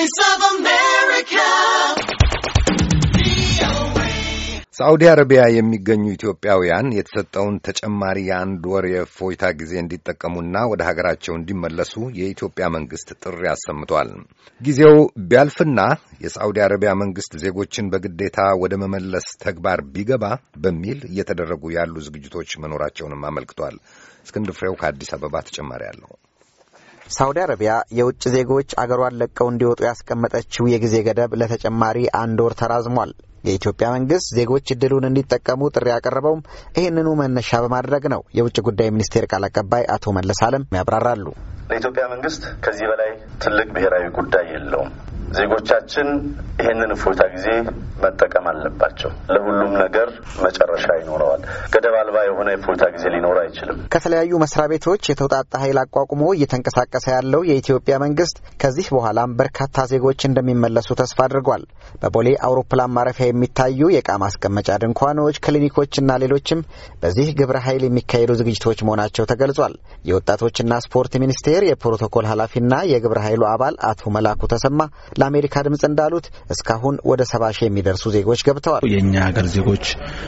Voice of America. ሳዑዲ አረቢያ የሚገኙ ኢትዮጵያውያን የተሰጠውን ተጨማሪ የአንድ ወር የእፎይታ ጊዜ እንዲጠቀሙና ወደ ሀገራቸው እንዲመለሱ የኢትዮጵያ መንግስት ጥሪ አሰምቷል። ጊዜው ቢያልፍና የሳዑዲ አረቢያ መንግስት ዜጎችን በግዴታ ወደ መመለስ ተግባር ቢገባ በሚል እየተደረጉ ያሉ ዝግጅቶች መኖራቸውንም አመልክቷል። እስክንድር ፍሬው ከአዲስ አበባ ተጨማሪ አለው። ሳውዲ አረቢያ የውጭ ዜጎች አገሯን ለቀው እንዲወጡ ያስቀመጠችው የጊዜ ገደብ ለተጨማሪ አንድ ወር ተራዝሟል። የኢትዮጵያ መንግስት ዜጎች እድሉን እንዲጠቀሙ ጥሪ ያቀረበውም ይህንኑ መነሻ በማድረግ ነው። የውጭ ጉዳይ ሚኒስቴር ቃል አቀባይ አቶ መለስ አለም ያብራራሉ። ለኢትዮጵያ መንግስት ከዚህ በላይ ትልቅ ብሔራዊ ጉዳይ የለውም። ዜጎቻችን ይህንን እፎይታ ጊዜ መጠቀም አለባቸው። ለሁሉም ነገር መጨረሻ ይኖረዋል። ገደብ አልባ የሆነ የእፎይታ ጊዜ ሊኖር አይችልም። ከተለያዩ መስሪያ ቤቶች የተውጣጣ ኃይል አቋቁሞ እየተንቀሳቀሰ ያለው የኢትዮጵያ መንግስት ከዚህ በኋላም በርካታ ዜጎች እንደሚመለሱ ተስፋ አድርጓል። በቦሌ አውሮፕላን ማረፊያ የሚታዩ የእቃ ማስቀመጫ ድንኳኖች፣ ክሊኒኮችና ሌሎችም በዚህ ግብረ ኃይል የሚካሄዱ ዝግጅቶች መሆናቸው ተገልጿል። የወጣቶችና ስፖርት ሚኒስቴር የፕሮቶኮል ኃላፊና የግብረ ኃይሉ አባል አቶ መላኩ ተሰማ ለአሜሪካ ድምጽ እንዳሉት እስካሁን ወደ ሰባ ሺህ የሚደርሱ ዜጎች ገብተዋል። የእኛ ሀገር ዜጎች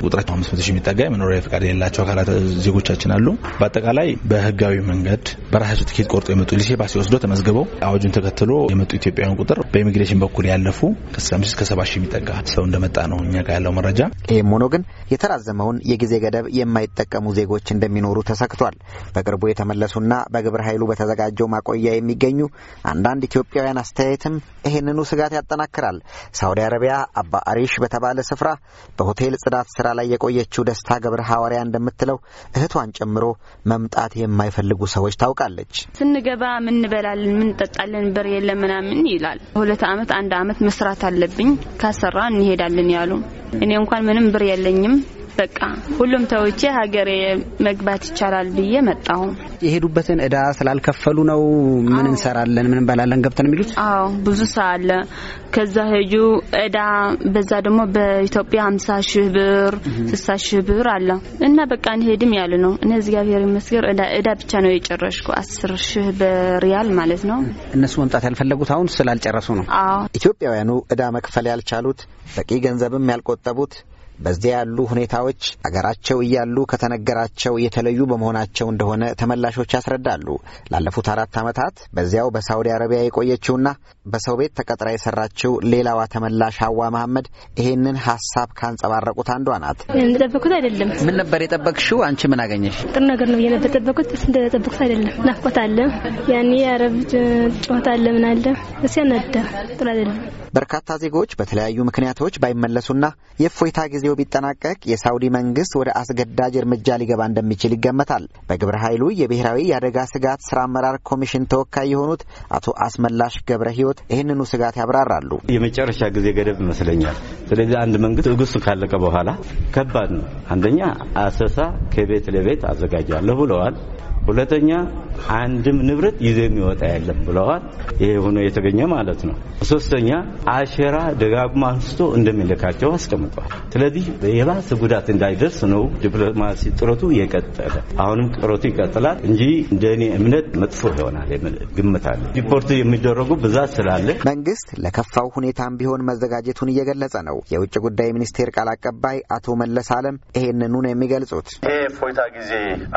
ቁጥራቸው አምስት መቶ ሺህ የሚጠጋ የመኖሪያ ፍቃድ የሌላቸው አካላት ዜጎቻችን አሉ። በአጠቃላይ በህጋዊ መንገድ በራሳቸው ትኬት ቆርጦ የመጡ ሊሴ ባሲ ወስዶ ተመዝግበው አዋጁን ተከትሎ የመጡ ኢትዮጵያውያን ቁጥር በኢሚግሬሽን በኩል ያለፉ ከ65 ሺህ የሚጠጋ ሰው እንደመጣ ነው እኛ ጋር ያለው መረጃ። ይህም ሆኖ ግን የተራዘመውን የጊዜ ገደብ የማይጠቀሙ ዜጎች እንደሚኖሩ ተሰክቷል። በቅርቡ የተመለሱና በግብረ ኃይሉ በተዘጋጀው ማቆያ የሚገኙ አንዳንድ ኢትዮጵያውያን አስተያየትም ይህንኑ ስጋት ያጠናክራል። ሳውዲ አረቢያ አባ አሪሽ በተባለ ስፍራ በሆቴል ጽዳት ስራ ላይ የቆየችው ደስታ ገብረ ሐዋርያ እንደምትለው እህቷን ጨምሮ መምጣት የማይፈልጉ ሰዎች ታውቃለች። ስንገባ ምንበላለን፣ ምንጠጣለን፣ ብር የለም ምናምን ይላል። ሁለት አመት አንድ አመት መስራት አለብኝ ካሰራ እንሄዳለን ያሉ እኔ እንኳን ምንም ብር የለኝም በቃ ሁሉም ተውቼ ሀገሬ መግባት ይቻላል ብዬ መጣሁ። የሄዱበትን እዳ ስላልከፈሉ ነው። ምን እንሰራለን፣ ምን እንበላለን ገብተን የሚሉት? አዎ ብዙ ሰው አለ። ከዛ ሄጁ እዳ በዛ ደግሞ በኢትዮጵያ ሀምሳ ሺህ ብር ስሳ ሺህ ብር አለ እና በቃ እንሄድም ያሉ ነው። እኔ እግዚአብሔር ይመስገን እዳ እዳ ብቻ ነው የጨረሽኩ አስር ሺህ በሪያል ማለት ነው። እነሱ መምጣት ያልፈለጉት አሁን ስላልጨረሱ ነው። አዎ ኢትዮጵያውያኑ እዳ መክፈል ያልቻሉት በቂ ገንዘብም ያልቆጠቡት በዚያ ያሉ ሁኔታዎች አገራቸው እያሉ ከተነገራቸው የተለዩ በመሆናቸው እንደሆነ ተመላሾች ያስረዳሉ። ላለፉት አራት ዓመታት በዚያው በሳውዲ አረቢያ የቆየችውና በሰው ቤት ተቀጥራ የሰራችው ሌላዋ ተመላሽ ሀዋ መሐመድ ይሄንን ሀሳብ ካንጸባረቁት አንዷ ናት። እንደጠበኩት አይደለም። ምን ነበር የጠበቅሽው? አንቺ ምን አገኘሽ? ጥሩ ነገር ነው ነበር የጠበኩት። እንደጠበኩት አይደለም። ናፍቆት አለ፣ ያኔ የአረብ ጨዋታ አለ፣ ምን አለ። እሱ ያናዳ። ጥሩ አይደለም። በርካታ ዜጎች በተለያዩ ምክንያቶች ባይመለሱና የእፎይታ ጊዜ ጊዜው ቢጠናቀቅ የሳውዲ መንግስት ወደ አስገዳጅ እርምጃ ሊገባ እንደሚችል ይገመታል። በግብረ ኃይሉ የብሔራዊ የአደጋ ስጋት ስራ አመራር ኮሚሽን ተወካይ የሆኑት አቶ አስመላሽ ገብረ ህይወት ይህንኑ ስጋት ያብራራሉ። የመጨረሻ ጊዜ ገደብ ይመስለኛል። ስለዚህ አንድ መንግስት ትዕግስቱ ካለቀ በኋላ ከባድ ነው። አንደኛ አሰሳ ከቤት ለቤት አዘጋጃለሁ ብለዋል። ሁለተኛ አንድም ንብረት ይዞ የሚወጣ የለም ብለዋል። ይሄ ሆኖ የተገኘ ማለት ነው። ሶስተኛ አሸራ ደጋግሞ አንስቶ እንደሚልካቸው አስቀምጧል። ስለዚህ የባሰ ጉዳት እንዳይደርስ ነው ዲፕሎማሲ ጥረቱ የቀጠለ አሁንም ጥረቱ ይቀጥላል እንጂ እንደ እኔ እምነት መጥፎ ይሆናል ግምት አለ። ሪፖርቱ የሚደረጉ ብዛት ስላለ መንግስት ለከፋው ሁኔታም ቢሆን መዘጋጀቱን እየገለጸ ነው። የውጭ ጉዳይ ሚኒስቴር ቃል አቀባይ አቶ መለስ አለም ይሄንኑ ነው የሚገልጹት። ይሄ ፎይታ ጊዜ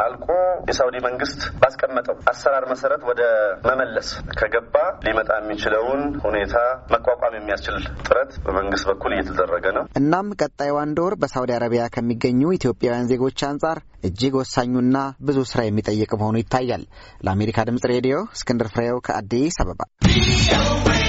አልቆ የሳውዲ መንግስት መንግስት ባስቀመጠው አሰራር መሰረት ወደ መመለስ ከገባ ሊመጣ የሚችለውን ሁኔታ መቋቋም የሚያስችል ጥረት በመንግስት በኩል እየተደረገ ነው። እናም ቀጣዩ አንድ ወር በሳውዲ አረቢያ ከሚገኙ ኢትዮጵያውያን ዜጎች አንጻር እጅግ ወሳኙና ብዙ ስራ የሚጠይቅ መሆኑ ይታያል። ለአሜሪካ ድምጽ ሬዲዮ እስክንድር ፍሬው ከአዲስ አበባ